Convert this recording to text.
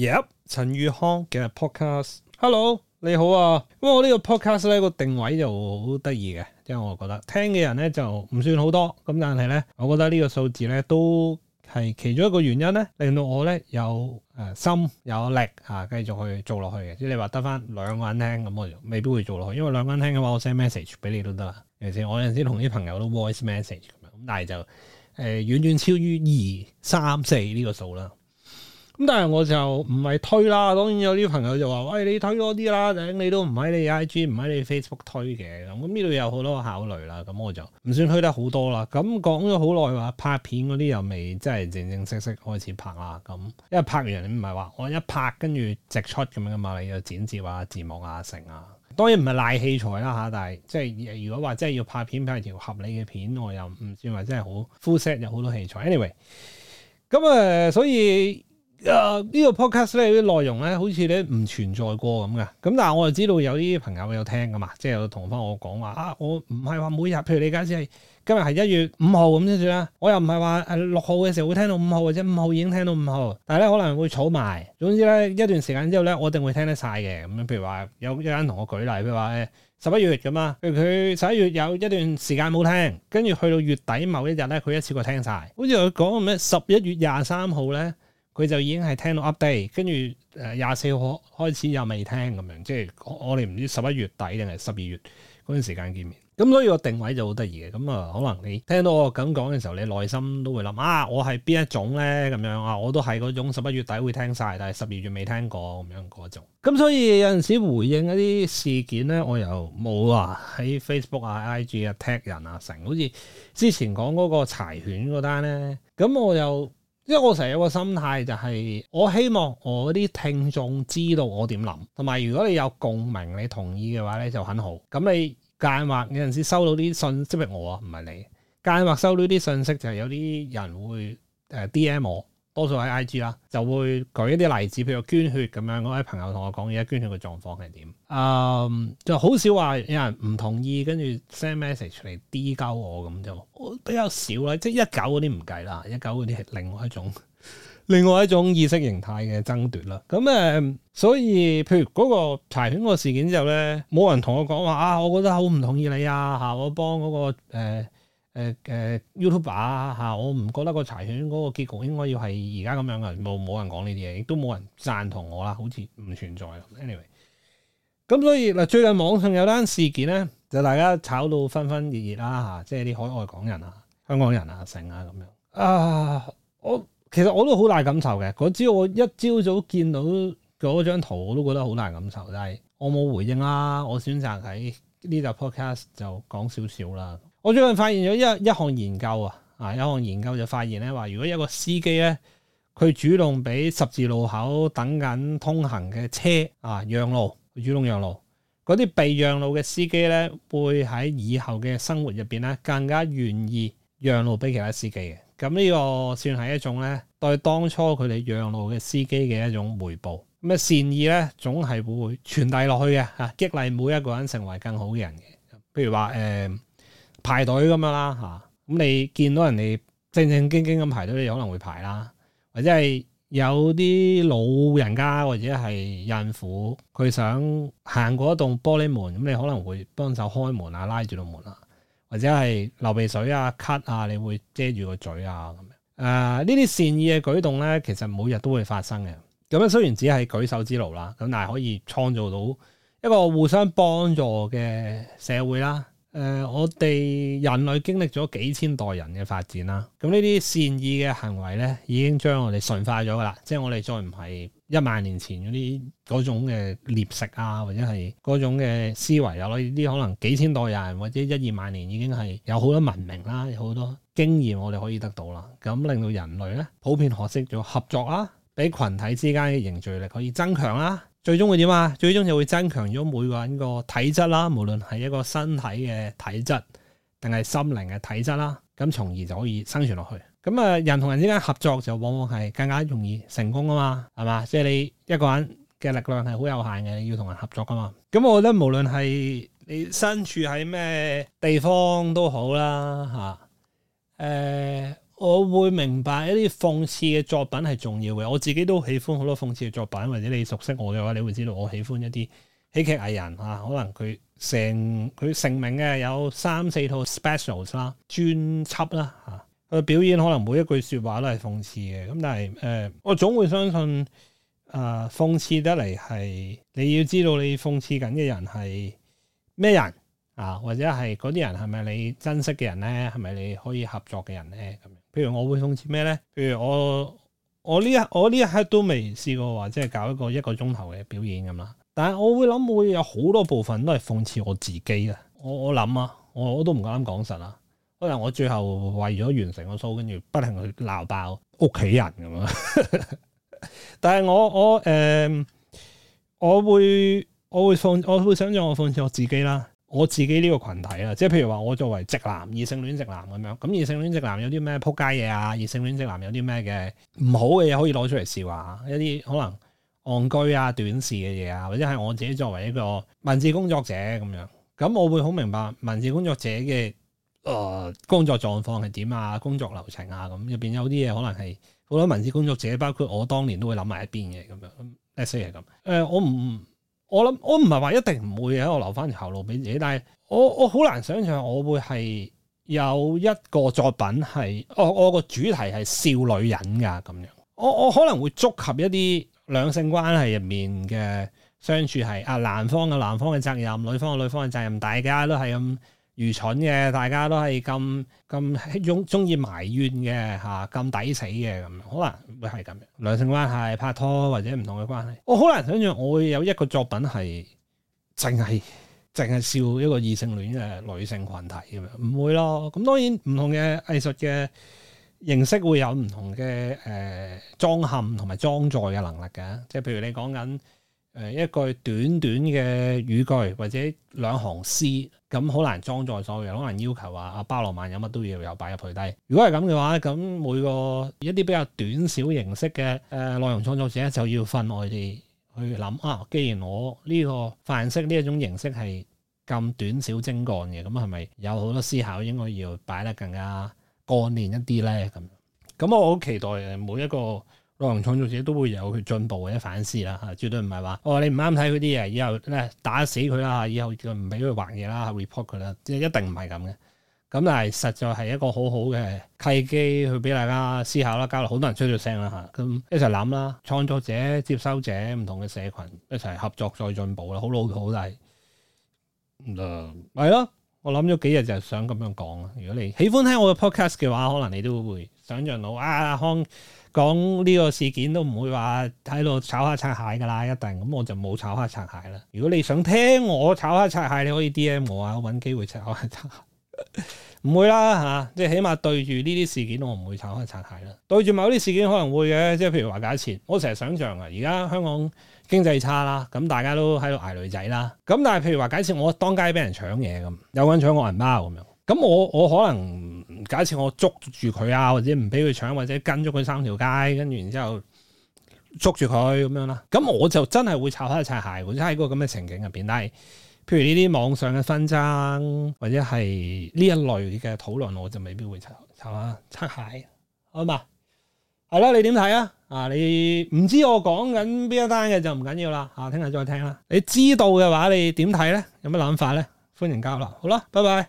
呀，yep，陳宇康嘅 podcast，hello，你好啊。咁我呢個 podcast 咧個定位就好得意嘅，因為我覺得聽嘅人咧就唔算好多，咁但係咧，我覺得呢個數字咧都係其中一個原因咧，令到我咧有誒心有力吓，繼續去做落去嘅。即係你話得翻兩個人聽咁，我就未必會做落去，因為兩個人聽嘅話，我 send message 俾你都得啦，其實我有陣時同啲朋友都 voice message，咁但係就誒遠遠超於二三四呢個數啦。咁但係我就唔係推啦，當然有啲朋友就話喂，你推多啲啦，你都唔喺你 I G 唔喺你 Facebook 推嘅，咁呢度有好多考慮啦。咁、嗯、我就唔算推得好多啦。咁講咗好耐話拍片嗰啲又未真係正正式式開始拍啦。咁、嗯、因為拍完你唔係話我一拍跟住直出咁樣噶嘛，你又剪接啊、字幕啊、成啊。當然唔係賴器材啦吓，但係即係如果話真係要拍片拍條合理嘅片，我又唔算話真係好 full set 有好多器材。Anyway，咁、嗯、誒所以。誒呢個 podcast 咧，啲內容咧，好似咧唔存在過咁㗎。咁但係我就知道有啲朋友會有聽噶嘛，即係有同翻我講話啊！我唔係話每日，譬如你而家先係今日係一月五號咁先算啦。我又唔係話誒六號嘅時候會聽到五號或者五號已經聽到五號。但係咧可能會儲埋，總之咧一段時間之後咧，我一定會聽得晒嘅。咁樣譬如話有一間同我舉例，譬如話誒十一月咁啊，譬如佢十一月有一段時間冇聽，跟住去到月底某一日咧，佢一次過聽晒。好似佢講咩十一月廿三號咧？佢就已經係聽到 update，跟住誒廿四號開始又未聽咁樣，即係我哋唔知十一月底定係十二月嗰段，那個、時間見面，咁所以個定位就好得意嘅。咁啊，可能你聽到我咁講嘅時候，你內心都會諗啊，我係邊一種咧？咁樣啊，我都係嗰種十一月底會聽晒，但係十二月未聽過咁樣嗰種。咁所以有陣時回應一啲事件咧，我又冇啊。喺 Facebook 啊、IG 啊、tag 人啊成，好似之前講嗰個柴犬嗰單咧，咁我又。因為我成日有個心態就係我希望我啲聽眾知道我點諗，同埋如果你有共鳴你同意嘅話咧，就很好。咁你間或有陣時收到啲信息，俾我啊，唔係你間或收到啲信息，就係有啲人會誒 DM 我。多數喺 IG 啦，就會舉一啲例子，譬如捐血咁樣，嗰位朋友同我講而家捐血嘅狀況係點。嗯，就好少話有人唔同意，跟住 send message 嚟 D 交我咁啫，就比較少啦，即係一九嗰啲唔計啦，一九嗰啲係另外一種，另外一種意識形態嘅爭奪啦，咁誒，所以譬如嗰個柴犬個事件之後咧，冇人同我講話啊，我覺得好唔同意你啊，嚇我幫嗰、嗰個、呃誒誒，YouTuber 啊吓，uber, 我唔覺得個柴犬嗰個結局應該要係而家咁樣嘅，冇冇人講呢啲嘢，亦都冇人贊同我啦，好似唔存在。Anyway，咁所以嗱，最近網上有單事件咧，就大家炒到紛紛熱熱啦吓，即係啲海外港人啊、香港人啊成啊咁樣啊。我其實我都好大感受嘅，嗰朝我一朝早見到嗰張圖，我都覺得好大感受，但、就、係、是、我冇回應啦，我選擇喺呢度 Podcast 就講少少啦。我最近發現咗一一項研究啊，啊一項研究就發現咧，話如果一個司機咧，佢主動俾十字路口等緊通行嘅車啊讓路，主動讓路，嗰啲被讓路嘅司機咧，會喺以後嘅生活入邊咧，更加願意讓路俾其他司機嘅。咁呢個算係一種咧，對當初佢哋讓路嘅司機嘅一種回報。咁嘅善意咧，總係會傳遞落去嘅嚇，激勵每一個人成為更好嘅人嘅。譬如話誒。呃排隊咁樣啦嚇，咁、啊嗯、你見到人哋正正經經咁排隊，你可能會排啦；或者係有啲老人家或者係孕婦，佢想行過一棟玻璃門，咁、嗯、你可能會幫手開門啊，拉住個門啊；或者係流鼻水啊、咳啊，你會遮住個嘴啊咁樣。誒，呢啲善意嘅舉動咧，其實每日都會發生嘅。咁、嗯、啊，雖然只係舉手之勞啦，咁但係可以創造到一個互相幫助嘅社會啦。誒、呃，我哋人類經歷咗幾千代人嘅發展啦，咁呢啲善意嘅行為咧，已經將我哋馴化咗噶啦，即係我哋再唔係一萬年前嗰啲嗰種嘅獵食啊，或者係嗰種嘅思維有啦，呢啲可能幾千代人或者一二萬年已經係有好多文明啦，有好多經驗我哋可以得到啦，咁令到人類咧普遍學識咗合作啦，啊，俾群體之間嘅凝聚力可以增強啦，啊。最終會點啊？最終就會增強咗每個人個體質啦，無論係一個身體嘅體質，定係心靈嘅體質啦。咁從而就可以生存落去。咁啊，人同人之間合作就往往係更加容易成功啊嘛，係嘛？即係你一個人嘅力量係好有限嘅，你要同人合作噶嘛。咁我覺得無論係你身處喺咩地方都好啦，吓、啊，誒。我會明白一啲諷刺嘅作品係重要嘅，我自己都喜歡好多諷刺嘅作品，或者你熟悉我嘅話，你會知道我喜歡一啲喜劇藝人吓、啊，可能佢成佢成名嘅有三四套 specials 啦，專輯啦吓，佢表演可能每一句說話都係諷刺嘅，咁但係誒、呃，我總會相信誒，諷刺得嚟係你要知道你諷刺緊嘅人係咩人啊，或者係嗰啲人係咪你珍惜嘅人咧，係咪你可以合作嘅人咧咁。譬如我會諷刺咩咧？譬如我我呢一我呢一刻都未試過話，即係搞一個一個鐘頭嘅表演咁啦。但係我會諗會有好多部分都係諷刺我自己嘅。我我諗啊，我我都唔夠膽講實啊。可能我最後為咗完成個 show，跟住不停去鬧爆屋企人咁啊。 但係我我誒、呃，我會我會放我，我會想象我諷刺我自己啦。我自己呢個群體啊，即係譬如話我作為直男、異性戀直男咁樣，咁異性戀直男有啲咩撲街嘢啊？異性戀直男有啲咩嘅唔好嘅嘢可以攞出嚟笑啊？一啲可能戇居啊、短視嘅嘢啊，或者係我自己作為一個文字工作者咁樣，咁我會好明白文字工作者嘅誒、呃、工作狀況係點啊、工作流程啊，咁入邊有啲嘢可能係好多文字工作者，包括我當年都會諗埋一邊嘅咁樣。Let's say 係咁，誒我唔。我諗我唔係話一定唔會喺我留翻條後路俾自己，但係我我好難想象我會係有一個作品係，我我個主題係笑女人㗎咁樣。我我可能會觸及一啲兩性關係入面嘅相處係，啊男方嘅男方嘅責任，女方嘅女方嘅責任，大家都係咁。愚蠢嘅，大家都係咁咁中中意埋怨嘅，嚇咁抵死嘅咁，好難會係咁樣。兩性關係、拍拖或者唔同嘅關係，我、哦、好難想象我會有一個作品係淨係淨係笑一個異性戀嘅女性群體咁樣，唔會咯。咁當然唔同嘅藝術嘅形式會有唔同嘅誒裝嵌同埋裝載嘅能力嘅，即係譬如你講緊。誒一句短短嘅語句或者兩行詩，咁好難裝載所有。可能要求話阿巴羅曼有乜都要有擺入去。低。如果係咁嘅話，咁每個一啲比較短小形式嘅誒內容創作者就要分我哋去諗啊。既然我呢個範式呢一種形式係咁短小精幹嘅，咁係咪有好多思考應該要擺得更加幹練一啲咧？咁咁我好期待每一個內容創作者都會有佢進步嘅反思啦，絕對唔係話哦你唔啱睇嗰啲嘢，以後咧打死佢啦，以後唔俾佢畫嘢啦，report 佢啦，一定唔係咁嘅。咁但係實在係一個好好嘅契機，去俾大家思考啦。交流好多人出咗聲啦，吓，咁一齊諗啦。創作者、接收者、唔同嘅社群一齊合作再進步啦，好老土，但係，嗱係咯。我諗咗幾日就係想咁樣講啦。如果你喜歡聽我嘅 podcast 嘅話，可能你都會想象到啊康。講呢個事件都唔會話喺度炒蝦拆蟹噶啦，一定。咁我就冇炒蝦拆蟹啦。如果你想聽我炒蝦拆蟹，你可以 D M 我啊，我搵機會炒蝦拆蟹。唔 會啦吓、啊，即係起碼對住呢啲事件我唔會炒蝦拆蟹啦。對住某啲事件可能會嘅，即係譬如話假設，我成日想象啊，而家香港經濟差啦，咁大家都喺度捱騾仔啦。咁但係譬如話假設我當街俾人搶嘢咁，有人搶我銀包咁樣。咁我我可能假設我捉住佢啊，或者唔俾佢搶，或者跟咗佢三條街，跟住然之後捉住佢咁樣啦。咁我就真係會炒翻一擦鞋，或者喺個咁嘅情景入邊。但係譬如呢啲網上嘅紛爭，或者係呢一類嘅討論，我就未必會炒炒啊擦鞋，好嘛？係啦，你點睇啊？啊，你唔知我講緊邊一單嘅就唔緊要啦。吓、啊，聽日再聽啦。你知道嘅話，你點睇咧？有咩諗法咧？歡迎交流。好啦，拜拜。